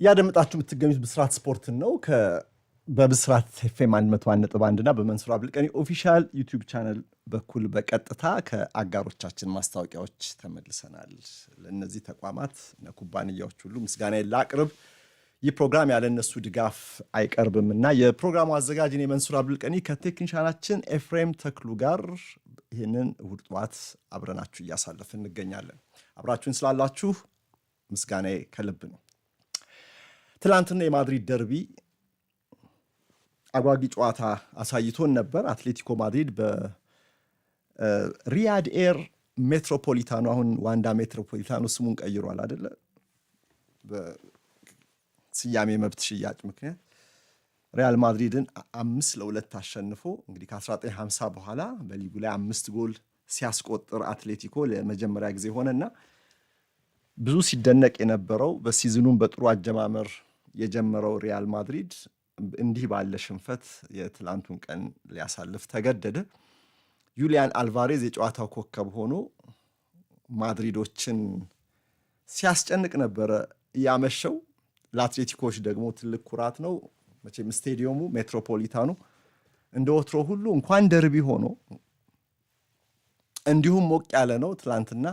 እያደመጣችሁ የምትገኙት ብስራት ስፖርትን ነው። በብስራት ኤፍኤም 101.1 እና በመንሱር አብልቀኒ ኦፊሻል ዩቲዩብ ቻነል በኩል በቀጥታ ከአጋሮቻችን ማስታወቂያዎች ተመልሰናል። ለእነዚህ ተቋማት እና ኩባንያዎች ሁሉ ምስጋና ላቅርብ። ይህ ፕሮግራም ያለ እነሱ ድጋፍ አይቀርብም እና የፕሮግራሙ አዘጋጅ እኔ መንሱር አብልቀኒ ከቴክኒሻናችን ኤፍሬም ተክሉ ጋር ይህንን እሑድ ጠዋት አብረናችሁ እያሳለፍ እንገኛለን። አብራችሁን ስላላችሁ ምስጋና ከልብ ነው። ትላንትና የማድሪድ ደርቢ አጓጊ ጨዋታ አሳይቶን ነበር። አትሌቲኮ ማድሪድ በሪያድ ኤር ሜትሮፖሊታኑ አሁን ዋንዳ ሜትሮፖሊታኑ ስሙን ቀይሯል አደለ፣ በስያሜ መብት ሽያጭ ምክንያት ሪያል ማድሪድን አምስት ለሁለት አሸንፎ እንግዲህ ከ1950 በኋላ በሊጉ ላይ አምስት ጎል ሲያስቆጥር አትሌቲኮ ለመጀመሪያ ጊዜ ሆነና ብዙ ሲደነቅ የነበረው በሲዝኑም በጥሩ አጀማመር የጀመረው ሪያል ማድሪድ እንዲህ ባለ ሽንፈት የትላንቱን ቀን ሊያሳልፍ ተገደደ። ዩሊያን አልቫሬዝ የጨዋታው ኮከብ ሆኖ ማድሪዶችን ሲያስጨንቅ ነበረ ያመሸው። ለአትሌቲኮች ደግሞ ትልቅ ኩራት ነው። መቼም ስቴዲየሙ ሜትሮፖሊታኑ እንደ ወትሮ ሁሉ እንኳን ደርቢ ሆኖ እንዲሁም ሞቅ ያለ ነው። ትላንትና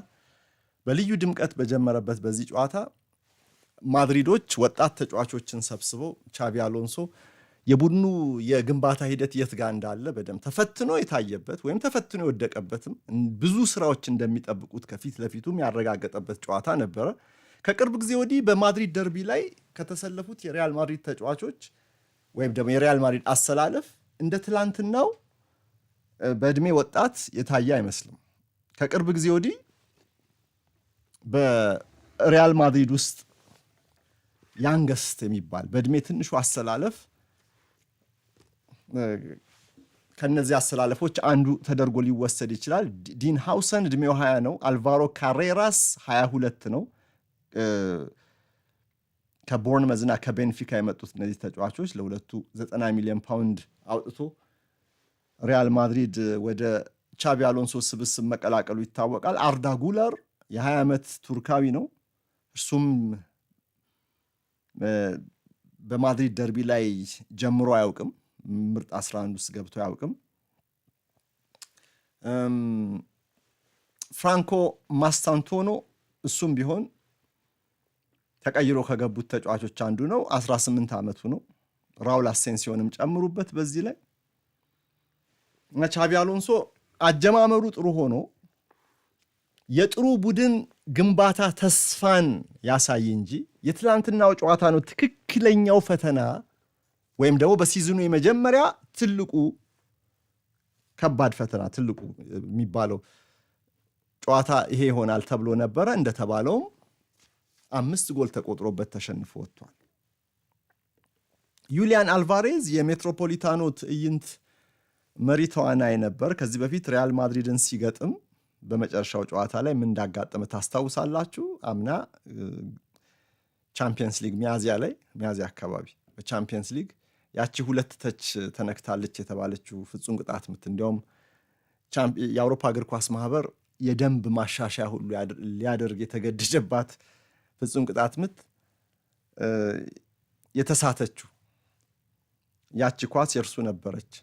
በልዩ ድምቀት በጀመረበት በዚህ ጨዋታ ማድሪዶች ወጣት ተጫዋቾችን ሰብስበው ቻቢ አሎንሶ የቡድኑ የግንባታ ሂደት የት ጋር እንዳለ በደንብ ተፈትኖ የታየበት ወይም ተፈትኖ የወደቀበትም ብዙ ስራዎች እንደሚጠብቁት ከፊት ለፊቱም ያረጋገጠበት ጨዋታ ነበረ። ከቅርብ ጊዜ ወዲህ በማድሪድ ደርቢ ላይ ከተሰለፉት የሪያል ማድሪድ ተጫዋቾች ወይም ደግሞ የሪያል ማድሪድ አሰላለፍ እንደ ትላንትናው በእድሜ ወጣት የታየ አይመስልም። ከቅርብ ጊዜ ወዲህ በሪያል ማድሪድ ውስጥ ያንገስት የሚባል በእድሜ ትንሹ አሰላለፍ ከነዚህ አሰላለፎች አንዱ ተደርጎ ሊወሰድ ይችላል። ዲን ሃውሰን እድሜው 20 ነው። አልቫሮ ካሬራስ 22 ነው። ከቦርንመዝና ከቤንፊካ የመጡት እነዚህ ተጫዋቾች ለሁለቱ 90 ሚሊዮን ፓውንድ አውጥቶ ሪያል ማድሪድ ወደ ቻቢ አሎንሶ ስብስብ መቀላቀሉ ይታወቃል። አርዳ ጉለር የ20 ዓመት ቱርካዊ ነው። እርሱም በማድሪድ ደርቢ ላይ ጀምሮ አያውቅም። ምርጥ 11 ውስጥ ገብቶ አያውቅም። ፍራንኮ ማስታንቶኖ እሱም ቢሆን ተቀይሮ ከገቡት ተጫዋቾች አንዱ ነው። 18 ዓመቱ ነው። ራውል አሴንሲዮንም ጨምሩበት በዚህ ላይ ቻቢ አሎንሶ አጀማመሩ ጥሩ ሆኖ የጥሩ ቡድን ግንባታ ተስፋን ያሳይ እንጂ የትላንትናው ጨዋታ ነው ትክክለኛው ፈተና ወይም ደግሞ በሲዝኑ የመጀመሪያ ትልቁ ከባድ ፈተና ትልቁ የሚባለው ጨዋታ ይሄ ይሆናል ተብሎ ነበረ። እንደተባለውም አምስት ጎል ተቆጥሮበት ተሸንፎ ወጥቷል። ዩሊያን አልቫሬዝ የሜትሮፖሊታኖ ትዕይንት መሪ ተዋናይ ነበር። ከዚህ በፊት ሪያል ማድሪድን ሲገጥም በመጨረሻው ጨዋታ ላይ ምን እንዳጋጠመ ታስታውሳላችሁ። አምና ቻምፒየንስ ሊግ ሚያዚያ ላይ ሚያዚያ አካባቢ በቻምፒየንስ ሊግ ያቺ ሁለት ተች ተነክታለች የተባለችው ፍጹም ቅጣት ምት እንዲያውም የአውሮፓ እግር ኳስ ማህበር የደንብ ማሻሻያ ሁሉ ሊያደርግ የተገደጀባት ፍጹም ቅጣት ምት የተሳተችው ያቺ ኳስ የእርሱ ነበረች።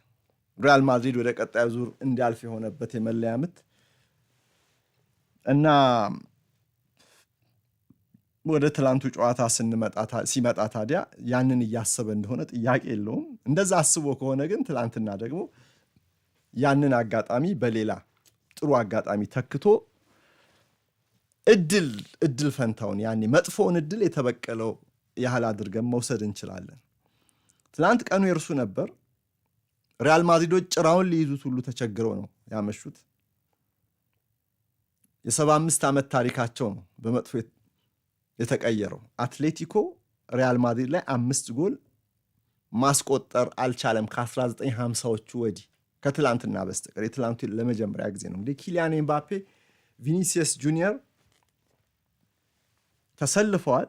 ሪያል ማድሪድ ወደ ቀጣዩ ዙር እንዲያልፍ የሆነበት የመለያ ምት እና ወደ ትላንቱ ጨዋታ ሲመጣ ታዲያ ያንን እያሰበ እንደሆነ ጥያቄ የለውም። እንደዛ አስቦ ከሆነ ግን ትላንትና ደግሞ ያንን አጋጣሚ በሌላ ጥሩ አጋጣሚ ተክቶ እድል እድል ፈንታውን ያኔ መጥፎውን እድል የተበቀለው ያህል አድርገን መውሰድ እንችላለን። ትናንት ቀኑ የእርሱ ነበር። ሪያል ማድሪዶች ጭራውን ሊይዙት ሁሉ ተቸግረው ነው ያመሹት። የሰባ አምስት ዓመት ታሪካቸው ነው በመጥፎ የተቀየረው። አትሌቲኮ ሪያል ማድሪድ ላይ አምስት ጎል ማስቆጠር አልቻለም ከ1950ዎቹ ወዲህ ከትላንትና በስተቀር የትላንቱ ለመጀመሪያ ጊዜ ነው። እንግዲህ ኪሊያን ኤምባፔ፣ ቪኒሲየስ ጁኒየር ተሰልፈዋል።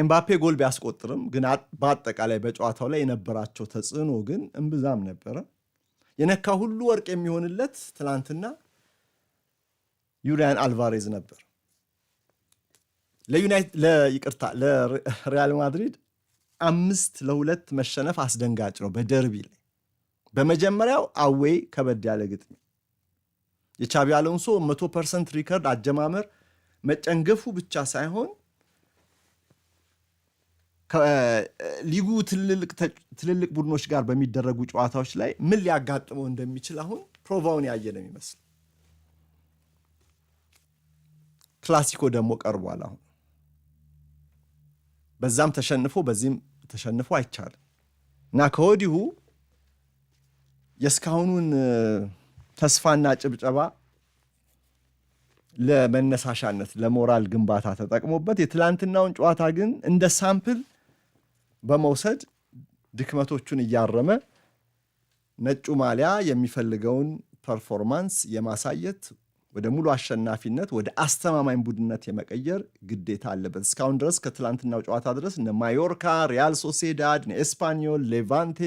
ኤምባፔ ጎል ቢያስቆጥርም ግን በአጠቃላይ በጨዋታው ላይ የነበራቸው ተጽዕኖ ግን እምብዛም ነበረ። የነካ ሁሉ ወርቅ የሚሆንለት ትላንትና ዩሊያን አልቫሬዝ ነበር። ለይቅርታ ለሪያል ማድሪድ አምስት ለሁለት መሸነፍ አስደንጋጭ ነው። በደርቢ ላይ በመጀመሪያው አዌይ ከበድ ያለ ግጥሚ የቻቢ አሎንሶ መቶ ፐርሰንት ሪከርድ አጀማመር መጨንገፉ ብቻ ሳይሆን ሊጉ ትልልቅ ቡድኖች ጋር በሚደረጉ ጨዋታዎች ላይ ምን ሊያጋጥመው እንደሚችል አሁን ፕሮቫውን ያየ ነው የሚመስል ክላሲኮ ደግሞ ቀርቧል። አሁን በዛም ተሸንፎ በዚህም ተሸንፎ አይቻልም እና ከወዲሁ የእስካሁኑን ተስፋና ጭብጨባ ለመነሳሻነት ለሞራል ግንባታ ተጠቅሞበት የትላንትናውን ጨዋታ ግን እንደ ሳምፕል በመውሰድ ድክመቶቹን እያረመ ነጩ ማሊያ የሚፈልገውን ፐርፎርማንስ የማሳየት ወደ ሙሉ አሸናፊነት ወደ አስተማማኝ ቡድነት የመቀየር ግዴታ አለበት። እስካሁን ድረስ ከትላንትናው ጨዋታ ድረስ እነ ማዮርካ፣ ሪያል ሶሴዳድ፣ ኤስፓኞል፣ ሌቫንቴ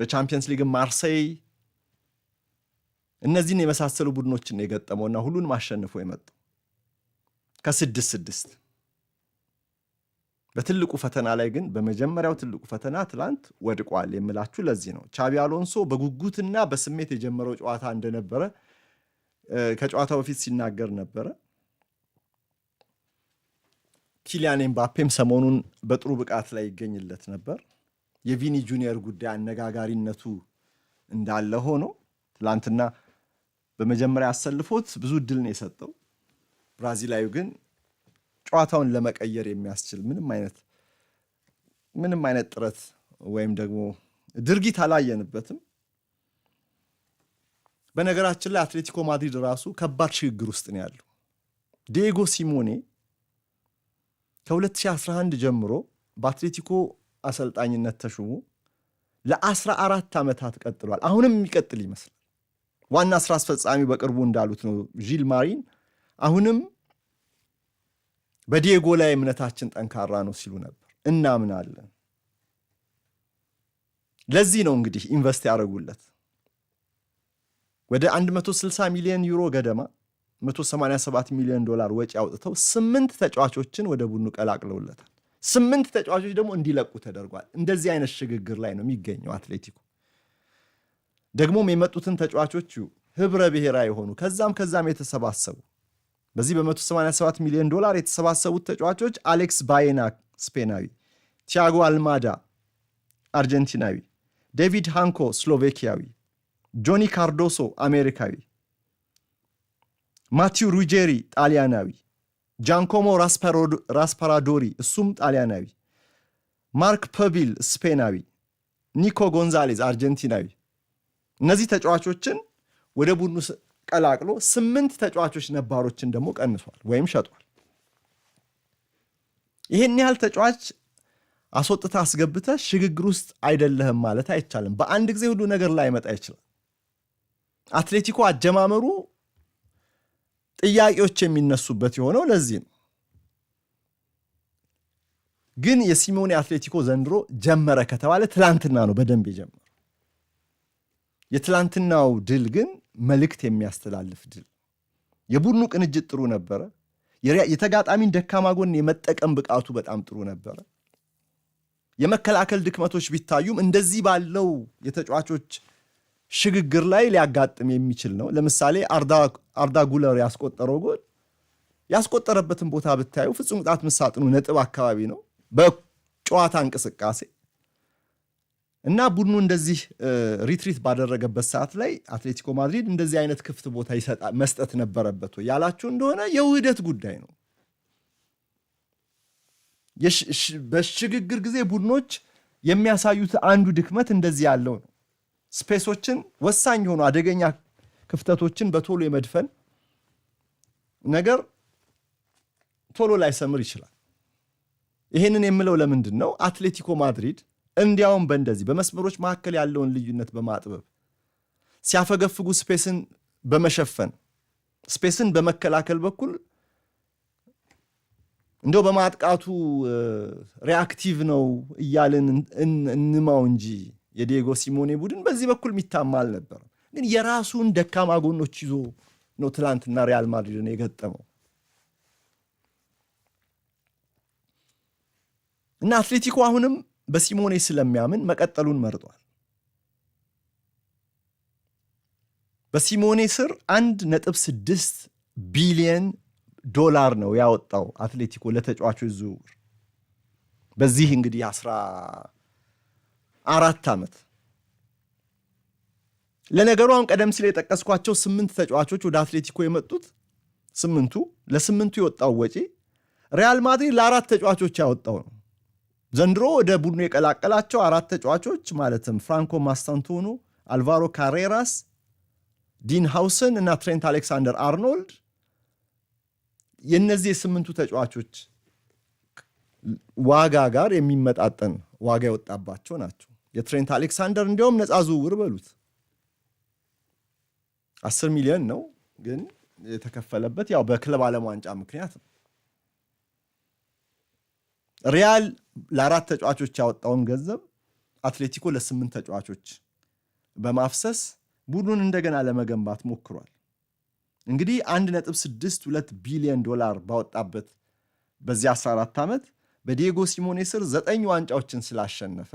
በቻምፒየንስ ሊግ ማርሴይ እነዚህን የመሳሰሉ ቡድኖችን የገጠመውና ሁሉንም አሸንፎ የመጡ ከስድስት ስድስት በትልቁ ፈተና ላይ ግን በመጀመሪያው ትልቁ ፈተና ትላንት ወድቋል የምላችሁ ለዚህ ነው። ቻቢ አሎንሶ በጉጉትና በስሜት የጀመረው ጨዋታ እንደነበረ ከጨዋታው በፊት ሲናገር ነበረ። ኪሊያን ኤምባፔም ሰሞኑን በጥሩ ብቃት ላይ ይገኝለት ነበር። የቪኒ ጁኒየር ጉዳይ አነጋጋሪነቱ እንዳለ ሆኖ ትላንትና በመጀመሪያ አሰልፎት ብዙ እድል ነው የሰጠው። ብራዚላዊ ግን ጨዋታውን ለመቀየር የሚያስችል ምንም አይነት ምንም አይነት ጥረት ወይም ደግሞ ድርጊት አላየንበትም። በነገራችን ላይ አትሌቲኮ ማድሪድ ራሱ ከባድ ሽግግር ውስጥ ነው ያለው። ዲየጎ ሲሞኔ ከ2011 ጀምሮ በአትሌቲኮ አሰልጣኝነት ተሹሞ ለ14 ዓመታት ቀጥሏል። አሁንም የሚቀጥል ይመስላል። ዋና ስራ አስፈጻሚው በቅርቡ እንዳሉት ነው ዢል ማሪን አሁንም በዲየጎ ላይ እምነታችን ጠንካራ ነው ሲሉ ነበር። እናምናለን። ለዚህ ነው እንግዲህ ኢንቨስት ያደረጉለት ወደ 160 ሚሊዮን ዩሮ ገደማ 187 ሚሊዮን ዶላር ወጪ አውጥተው ስምንት ተጫዋቾችን ወደ ቡድኑ ቀላቅለውለታል። ስምንት ተጫዋቾች ደግሞ እንዲለቁ ተደርጓል። እንደዚህ አይነት ሽግግር ላይ ነው የሚገኘው አትሌቲኮ። ደግሞም የመጡትን ተጫዋቾቹ ህብረ ብሔራዊ የሆኑ ከዛም ከዛም የተሰባሰቡ በዚህ በ187 ሚሊዮን ዶላር የተሰባሰቡት ተጫዋቾች አሌክስ ባየና ስፔናዊ፣ ቲያጎ አልማዳ አርጀንቲናዊ፣ ዴቪድ ሃንኮ ስሎቬኪያዊ፣ ጆኒ ካርዶሶ አሜሪካዊ፣ ማቲው ሩጀሪ ጣሊያናዊ፣ ጃንኮሞ ራስፓራዶሪ እሱም ጣሊያናዊ፣ ማርክ ፐቢል ስፔናዊ፣ ኒኮ ጎንዛሌዝ አርጀንቲናዊ እነዚህ ተጫዋቾችን ወደ ቡድኑ ቀላቅሎ ስምንት ተጫዋቾች ነባሮችን ደግሞ ቀንሷል ወይም ሸጧል። ይህን ያህል ተጫዋች አስወጥተ አስገብተ ሽግግር ውስጥ አይደለህም ማለት አይቻልም። በአንድ ጊዜ ሁሉ ነገር ላይ አይመጣ ይችላል። አትሌቲኮ አጀማመሩ ጥያቄዎች የሚነሱበት የሆነው ለዚህ ነው። ግን የሲሞኔ አትሌቲኮ ዘንድሮ ጀመረ ከተባለ ትላንትና ነው በደንብ የጀመረው። የትላንትናው ድል ግን መልእክት የሚያስተላልፍ ድል። የቡድኑ ቅንጅት ጥሩ ነበረ። የተጋጣሚን ደካማ ጎን የመጠቀም ብቃቱ በጣም ጥሩ ነበረ። የመከላከል ድክመቶች ቢታዩም እንደዚህ ባለው የተጫዋቾች ሽግግር ላይ ሊያጋጥም የሚችል ነው። ለምሳሌ አርዳ ጉለር ያስቆጠረው ጎል ያስቆጠረበትን ቦታ ብታዩ ፍጹም ቅጣት ምት ሳጥኑ ነጥብ አካባቢ ነው። በጨዋታ እንቅስቃሴ እና ቡድኑ እንደዚህ ሪትሪት ባደረገበት ሰዓት ላይ አትሌቲኮ ማድሪድ እንደዚህ አይነት ክፍት ቦታ መስጠት ነበረበት ወይ ያላችሁ እንደሆነ የውህደት ጉዳይ ነው። በሽግግር ጊዜ ቡድኖች የሚያሳዩት አንዱ ድክመት እንደዚህ ያለው ነው። ስፔሶችን፣ ወሳኝ የሆኑ አደገኛ ክፍተቶችን በቶሎ የመድፈን ነገር ቶሎ ላይሰምር ይችላል። ይህንን የምለው ለምንድን ነው አትሌቲኮ ማድሪድ እንዲያውም በእንደዚህ በመስመሮች መካከል ያለውን ልዩነት በማጥበብ ሲያፈገፍጉ ስፔስን በመሸፈን ስፔስን በመከላከል በኩል እንደው በማጥቃቱ ሪያክቲቭ ነው እያልን እንማው እንጂ የዲየጎ ሲሞኔ ቡድን በዚህ በኩል የሚታማ አልነበረም። ግን የራሱን ደካማ ጎኖች ይዞ ነው ትላንትና ሪያል ማድሪድን የገጠመው እና አትሌቲኮ አሁንም በሲሞኔ ስለሚያምን መቀጠሉን መርጧል። በሲሞኔ ስር አንድ ነጥብ ስድስት ቢሊየን ዶላር ነው ያወጣው አትሌቲኮ ለተጫዋቾች ዝውውር በዚህ እንግዲህ አስራ አራት ዓመት ለነገሩ አሁን ቀደም ሲል የጠቀስኳቸው ስምንት ተጫዋቾች ወደ አትሌቲኮ የመጡት ስምንቱ ለስምንቱ የወጣው ወጪ ሪያል ማድሪድ ለአራት ተጫዋቾች ያወጣው ነው። ዘንድሮ ወደ ቡድኑ የቀላቀላቸው አራት ተጫዋቾች ማለትም ፍራንኮ ማስታንቱኑ፣ አልቫሮ ካሬራስ፣ ዲን ሃውሰን እና ትሬንት አሌክሳንደር አርኖልድ የእነዚህ የስምንቱ ተጫዋቾች ዋጋ ጋር የሚመጣጠን ዋጋ የወጣባቸው ናቸው። የትሬንት አሌክሳንደር እንዲያውም ነፃ ዝውውር በሉት አስር ሚሊዮን ነው ግን የተከፈለበት ያው በክለብ ዓለም ዋንጫ ምክንያት ነው። ሪያል ለአራት ተጫዋቾች ያወጣውን ገንዘብ አትሌቲኮ ለስምንት ተጫዋቾች በማፍሰስ ቡድኑን እንደገና ለመገንባት ሞክሯል። እንግዲህ አንድ ሁለት ቢሊዮን ዶላር ባወጣበት በዚህ 14 ዓመት በዲየጎ ሲሞኔ ስር ዘጠኝ ዋንጫዎችን ስላሸነፈ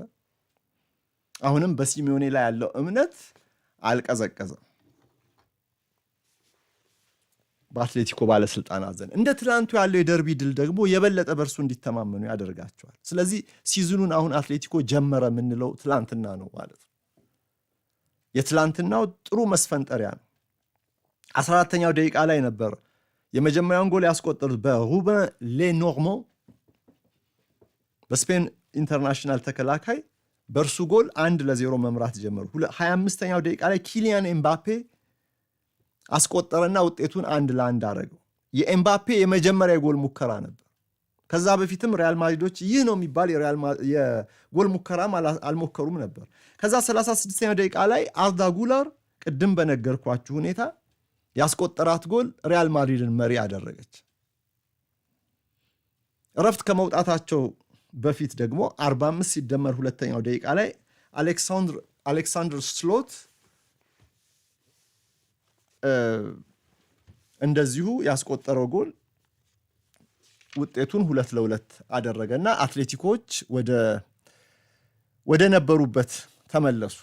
አሁንም በሲሞኔ ላይ ያለው እምነት አልቀዘቀዘም። በአትሌቲኮ ባለስልጣናት ዘንድ። እንደ ትላንቱ ያለው የደርቢ ድል ደግሞ የበለጠ በእርሱ እንዲተማመኑ ያደርጋቸዋል። ስለዚህ ሲዝኑን አሁን አትሌቲኮ ጀመረ የምንለው ትላንትና ነው ማለት ነው። የትላንትናው ጥሩ መስፈንጠሪያ ነው። አስራ አራተኛው ደቂቃ ላይ ነበር የመጀመሪያውን ጎል ያስቆጠሩት በሩበን ሌኖርሞ በስፔን ኢንተርናሽናል ተከላካይ በእርሱ ጎል አንድ ለዜሮ መምራት ጀመሩ። አምስተኛው ደቂቃ ላይ ኪሊያን ኤምባፔ አስቆጠረና ውጤቱን አንድ ለአንድ አደረገው። የኤምባፔ የመጀመሪያ የጎል ሙከራ ነበር። ከዛ በፊትም ሪያል ማድሪዶች ይህ ነው የሚባል የጎል ሙከራም አልሞከሩም ነበር። ከዛ 36ኛ ደቂቃ ላይ አርዳ ጉላር ቅድም በነገርኳችሁ ሁኔታ ያስቆጠራት ጎል ሪያል ማድሪድን መሪ አደረገች። እረፍት ከመውጣታቸው በፊት ደግሞ 45 ሲደመር ሁለተኛው ደቂቃ ላይ አሌክሳንድር ስሎት እንደዚሁ ያስቆጠረው ጎል ውጤቱን ሁለት ለሁለት አደረገ እና አትሌቲኮች ወደ ነበሩበት ተመለሱ።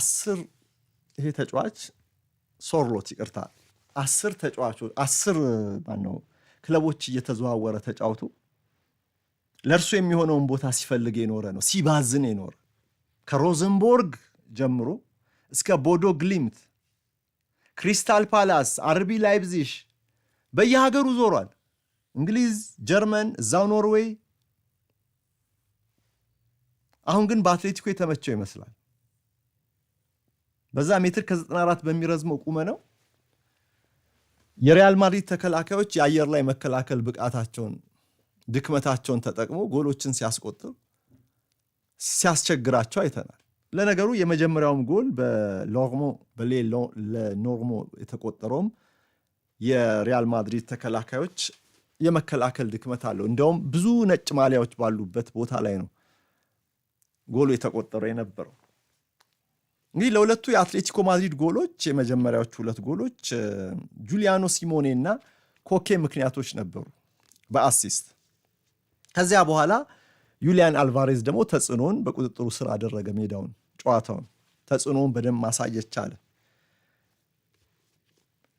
አስር ይሄ ተጫዋች ሶርሎት ይቅርታ፣ አስር ተጫዋቾች አስር ማነው ክለቦች እየተዘዋወረ ተጫውቶ ለእርሱ የሚሆነውን ቦታ ሲፈልግ የኖረ ነው፣ ሲባዝን የኖረ ከሮዘንቦርግ ጀምሮ እስከ ቦዶ ግሊምት፣ ክሪስታል ፓላስ፣ አርቢ ላይፕዚሽ በየሀገሩ ዞሯል። እንግሊዝ፣ ጀርመን፣ እዛው ኖርዌይ። አሁን ግን በአትሌቲኮ የተመቸው ይመስላል። በዛ ሜትር ከ94 በሚረዝመው ቁመ ነው የሪያል ማድሪድ ተከላካዮች የአየር ላይ መከላከል ብቃታቸውን ድክመታቸውን ተጠቅሞ ጎሎችን ሲያስቆጥር ሲያስቸግራቸው አይተናል። ለነገሩ የመጀመሪያውም ጎል በሎርሞ ለኖርሞ የተቆጠረውም የሪያል ማድሪድ ተከላካዮች የመከላከል ድክመት አለው። እንደውም ብዙ ነጭ ማሊያዎች ባሉበት ቦታ ላይ ነው ጎሉ የተቆጠረው የነበረው። እንግዲህ ለሁለቱ የአትሌቲኮ ማድሪድ ጎሎች የመጀመሪያዎቹ ሁለት ጎሎች ጁሊያኖ ሲሞኔ እና ኮኬ ምክንያቶች ነበሩ በአሲስት ከዚያ በኋላ ዩሊያን አልቫሬዝ ደግሞ ተጽዕኖውን በቁጥጥሩ ስር አደረገ። ሜዳውን፣ ጨዋታውን፣ ተጽዕኖውን በደንብ ማሳየት ቻለ።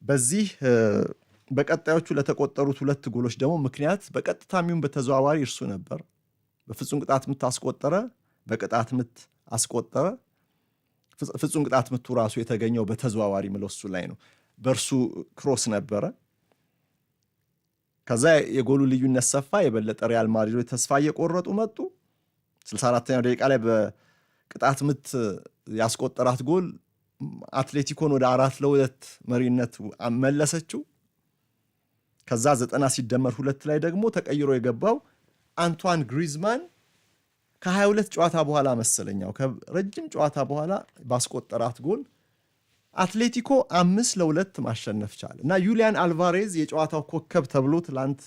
በዚህ በቀጣዮቹ ለተቆጠሩት ሁለት ጎሎች ደግሞ ምክንያት በቀጥታ የሚሆን በተዘዋዋሪ እርሱ ነበር። በፍጹም ቅጣት ምት አስቆጠረ፣ በቅጣት ምት አስቆጠረ። ፍጹም ቅጣት ምቱ ራሱ የተገኘው በተዘዋዋሪ ምለሱ ላይ ነው። በእርሱ ክሮስ ነበረ። ከዛ የጎሉ ልዩነት ሰፋ። የበለጠ ሪያል ማድሪዶች ተስፋ እየቆረጡ መጡ። 64ኛው ደቂቃ ላይ በቅጣት ምት ያስቆጠራት ጎል አትሌቲኮን ወደ አራት ለሁለት መሪነት መለሰችው። ከዛ ዘጠና ሲደመር ሁለት ላይ ደግሞ ተቀይሮ የገባው አንቷን ግሪዝማን ከ22 ጨዋታ በኋላ መሰለኛው ከረጅም ጨዋታ በኋላ ባስቆጠራት ጎል አትሌቲኮ አምስት ለሁለት ማሸነፍ ቻለ እና ዩሊያን አልቫሬዝ የጨዋታው ኮከብ ተብሎ ትላንት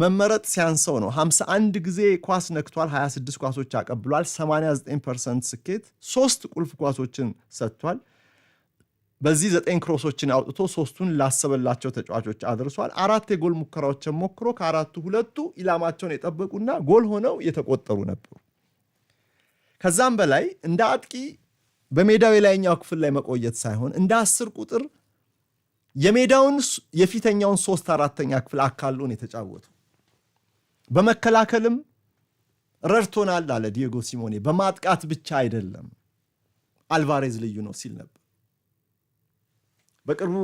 መመረጥ ሲያንሰው ነው። 51 ጊዜ ኳስ ነክቷል፣ 26 ኳሶች አቀብሏል፣ 89 ፐርሰንት ስኬት፣ ሶስት ቁልፍ ኳሶችን ሰጥቷል። በዚህ ዘጠኝ ክሮሶችን አውጥቶ ሶስቱን ላሰበላቸው ተጫዋቾች አድርሷል። አራት የጎል ሙከራዎችን ሞክሮ ከአራቱ ሁለቱ ኢላማቸውን የጠበቁና ጎል ሆነው የተቆጠሩ ነበሩ። ከዛም በላይ እንደ አጥቂ በሜዳው የላይኛው ክፍል ላይ መቆየት ሳይሆን እንደ አስር ቁጥር የሜዳውን የፊተኛውን ሶስት አራተኛ ክፍል አካሉን የተጫወቱ በመከላከልም ረድቶናል አለ ዲየጎ ሲሞኔ። በማጥቃት ብቻ አይደለም አልቫሬዝ ልዩ ነው ሲል ነበር። በቅርቡ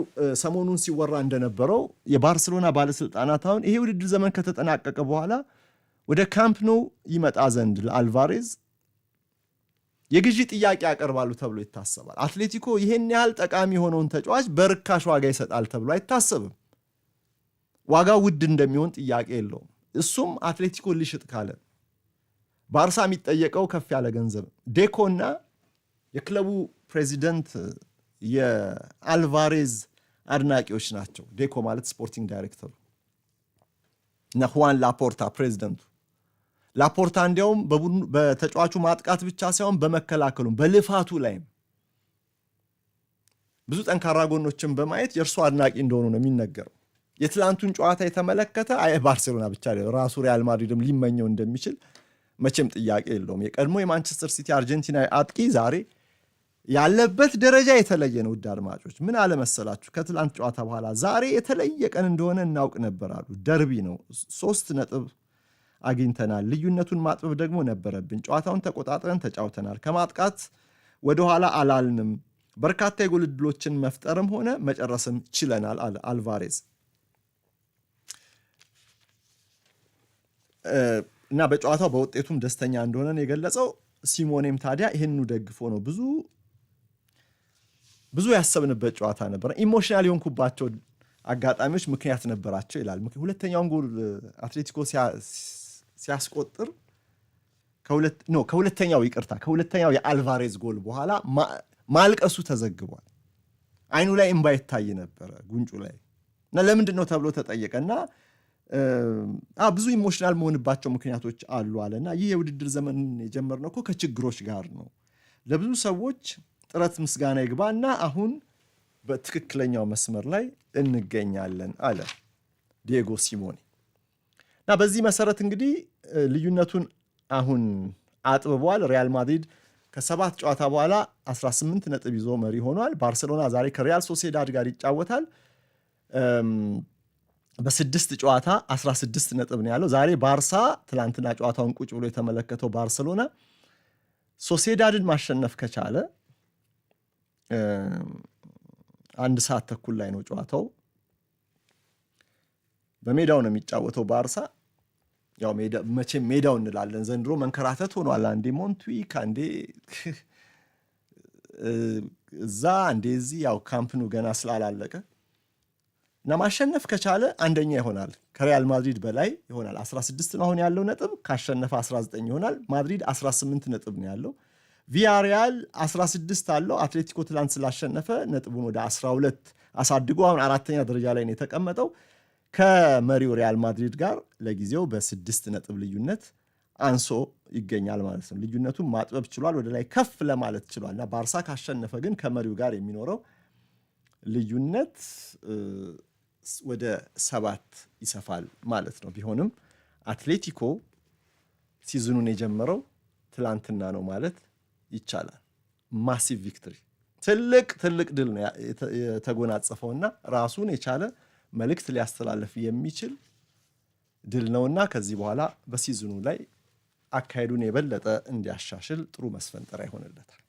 ሰሞኑን ሲወራ እንደነበረው የባርሴሎና ባለስልጣናት አሁን ይሄ ውድድር ዘመን ከተጠናቀቀ በኋላ ወደ ካምፕ ኖው ይመጣ ዘንድ ለአልቫሬዝ የግዢ ጥያቄ ያቀርባሉ ተብሎ ይታሰባል። አትሌቲኮ ይህን ያህል ጠቃሚ የሆነውን ተጫዋች በርካሽ ዋጋ ይሰጣል ተብሎ አይታሰብም። ዋጋ ውድ እንደሚሆን ጥያቄ የለውም። እሱም አትሌቲኮ ሊሽጥ ካለ ባርሳ የሚጠየቀው ከፍ ያለ ገንዘብ። ዴኮ እና የክለቡ ፕሬዚደንት የአልቫሬዝ አድናቂዎች ናቸው። ዴኮ ማለት ስፖርቲንግ ዳይሬክተሩ እና ሁዋን ላፖርታ ፕሬዚደንቱ ላፖርታ እንዲያውም በተጫዋቹ ማጥቃት ብቻ ሳይሆን በመከላከሉም በልፋቱ ላይም ብዙ ጠንካራ ጎኖችን በማየት የእርሱ አድናቂ እንደሆኑ ነው የሚነገረው። የትላንቱን ጨዋታ የተመለከተ ባርሴሎና ብቻ ራሱ ሪያል ማድሪድም ሊመኘው እንደሚችል መቼም ጥያቄ የለውም። የቀድሞ የማንቸስተር ሲቲ አርጀንቲና አጥቂ ዛሬ ያለበት ደረጃ የተለየ ነው። ውድ አድማጮች ምን አለመሰላችሁ፣ ከትላንት ጨዋታ በኋላ ዛሬ የተለየ ቀን እንደሆነ እናውቅ ነበር አሉ። ደርቢ ነው ሶስት ነጥብ አግኝተናል። ልዩነቱን ማጥበብ ደግሞ ነበረብን። ጨዋታውን ተቆጣጥረን ተጫውተናል። ከማጥቃት ወደኋላ አላልንም። በርካታ የጎል ዕድሎችን መፍጠርም ሆነ መጨረስም ችለናል አለ አልቫሬዝ። እና በጨዋታው በውጤቱም ደስተኛ እንደሆነ የገለጸው ሲሞኔም ታዲያ ይህንኑ ደግፎ ነው ብዙ ብዙ ያሰብንበት ጨዋታ ነበረ። ኢሞሽናል የሆንኩባቸው አጋጣሚዎች ምክንያት ነበራቸው ይላል። ሁለተኛውን ጎል አትሌቲኮ ሲያስቆጥር ከሁለተኛው ይቅርታ ከሁለተኛው የአልቫሬዝ ጎል በኋላ ማልቀሱ ተዘግቧል። አይኑ ላይ እምባ ይታይ ነበረ ጉንጩ ላይ እና ለምንድን ነው ተብሎ እና ብዙ ኢሞሽናል መሆንባቸው ምክንያቶች አሉ እና ይህ የውድድር ዘመን የጀመርነው እኮ ከችግሮች ጋር ነው። ለብዙ ሰዎች ጥረት ምስጋና እና አሁን በትክክለኛው መስመር ላይ እንገኛለን አለ ዲየጎ ሲሞኔ። እና በዚህ መሰረት እንግዲህ ልዩነቱን አሁን አጥብቧል። ሪያል ማድሪድ ከሰባት ጨዋታ በኋላ 18 ነጥብ ይዞ መሪ ሆኗል። ባርሰሎና ዛሬ ከሪያል ሶሴዳድ ጋር ይጫወታል። በስድስት ጨዋታ 16 ነጥብ ነው ያለው። ዛሬ ባርሳ ትላንትና ጨዋታውን ቁጭ ብሎ የተመለከተው ባርሰሎና ሶሴዳድን ማሸነፍ ከቻለ አንድ ሰዓት ተኩል ላይ ነው ጨዋታው። በሜዳው ነው የሚጫወተው ባርሳ። ያው መቼም ሜዳው እንላለን። ዘንድሮ መንከራተት ሆኗል። አንዴ ሞንትዊክ፣ አንዴ እዛ፣ አንዴ እዚህ። ያው ካምፕኑ ገና ስላላለቀ እና ማሸነፍ ከቻለ አንደኛ ይሆናል። ከሪያል ማድሪድ በላይ ይሆናል። 16 ነው አሁን ያለው ነጥብ። ካሸነፈ 19 ይሆናል። ማድሪድ 18 ነጥብ ነው ያለው። ቪያሪያል 16 አለው። አትሌቲኮ ትላንት ስላሸነፈ ነጥቡን ወደ 12 አሳድጎ አሁን አራተኛ ደረጃ ላይ ነው የተቀመጠው። ከመሪው ሪያል ማድሪድ ጋር ለጊዜው በስድስት ነጥብ ልዩነት አንሶ ይገኛል ማለት ነው። ልዩነቱን ማጥበብ ችሏል፣ ወደ ላይ ከፍ ለማለት ችሏል እና ባርሳ ካሸነፈ ግን ከመሪው ጋር የሚኖረው ልዩነት ወደ ሰባት ይሰፋል ማለት ነው። ቢሆንም አትሌቲኮ ሲዝኑን የጀመረው ትላንትና ነው ማለት ይቻላል። ማሲቭ ቪክትሪ፣ ትልቅ ትልቅ ድል ነው የተጎናጸፈውና ራሱን የቻለ መልእክት ሊያስተላልፍ የሚችል ድል ነውና ከዚህ በኋላ በሲዝኑ ላይ አካሄዱን የበለጠ እንዲያሻሽል ጥሩ መስፈንጠሪያ ይሆንለታል።